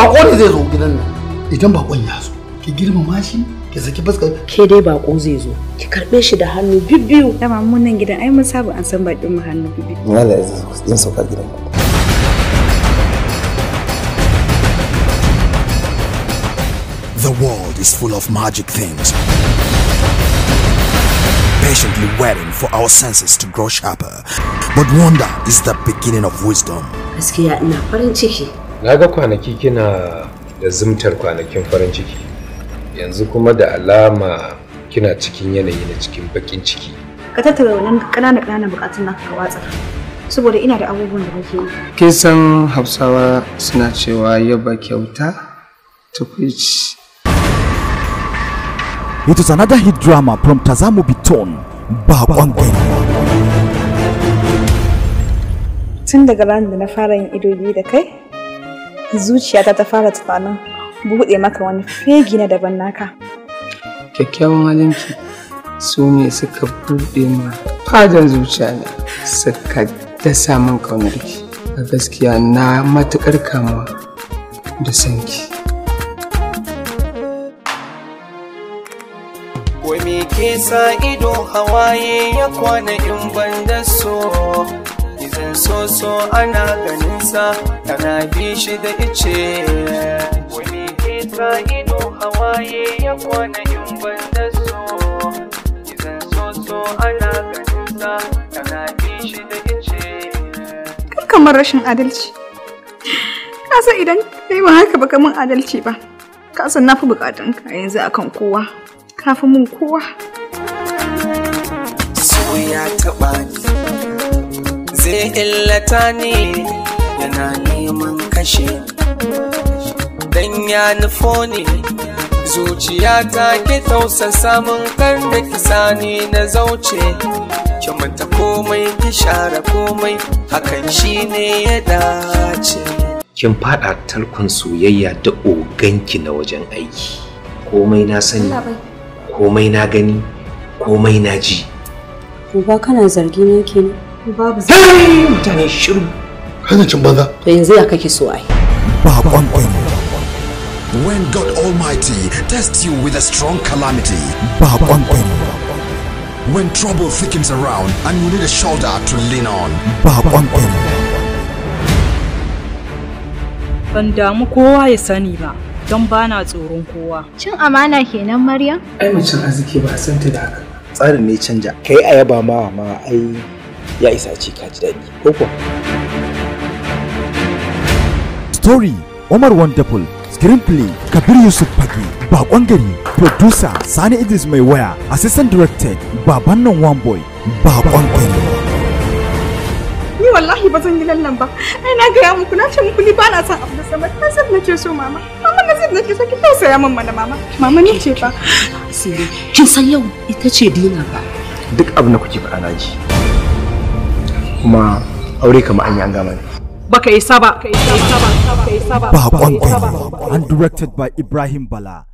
bako ne zai zo gidan nan idan bakon ya zo ki girmama shi ki saki fuska ke dai bako zai zo ki karbe shi da hannu bibbiyu dama mun nan gidan ai mun saba an san bakin mu hannu bibbiyu wala zan sauka gidan The world is full of magic things. Patiently waiting for our senses to grow sharper. But wonder is the beginning of wisdom. Gaskiya ina farin ciki na ga kwanaki kina da zumtar kwanakin farin ciki yanzu kuma da alama kina cikin yanayi na cikin bakin ciki ka tattara wannan ƙananan ƙananan bukatun naka ka watsa saboda ina da abubuwan da kake yi kin san hausawa suna cewa yaba kyauta tukwici It is another hit drama from Tazamo Biton, Bagwangen. Tun daga ranar da na fara yin ido biyu da kai, zuciyata ta fara tsanin buɗe maka wani fegi na daban naka. Kyakkyawan halinki su ne suka buɗe ma fadan zuciya ne suka dasa min ƙaunarki. A gaskiya na matuƙar kamuwa da sanki. Wani ke sa ido hawaye ya kwana in ban so so ana sa kana bi shi da ice wani ke ta ido hawaye ya kwana yin banda so idan so so ana sa kana bi shi da ice kar kamar rashin adalci kasa idan kai ba haka baka mun adalci ba kasan na fi bukatun ka yanzu akan kowa kafin mun kowa ya illata ne yana neman kashe dan ya nufo ne zuciya ta ke tausa samun kan da kisa ni na zauce ki manta komai ki share komai hakan shine ya dace kin fada talkun soyayya da oganki na wajen aiki komai na sani komai na gani komai na ji ba kana zargi ne kenan babu zai mutane shiru cin banza to yanzu ya kake so ai ba kwankwan When God Almighty tests you with a strong calamity, ba kwankwan When trouble thickens around and you need a shoulder to lean on, ba kwankwan Ban damu kowa ya sani ba, don bana tsoron kowa. Cin amana kenan Maryam? Ai mace arziki ba a ta da haka. Tsarin ne canja, kai a yaba ma ma ai ya isa ce ka ji daɗi ko kuwa story Omar Wonderful Screenplay Kabir Yusuf Fage Bakon gari Producer Sani Idris Mai waya Assistant Director Baban nan One Boy Bakon gari Ni wallahi ba zan yi lallan ba ai na gaya muku na ce muku ni ba na san abu da sama na san nake so mama mama na san nake so ki tausaya min mana mama mama ni ce fa Sirri kin san yau ita ce Dina ba duk abin da kuke faɗa na ji kuma aure kamar an yi an gama ne baka isa ba baka isa ba baka isa ba ba an directed by Ibrahim Bala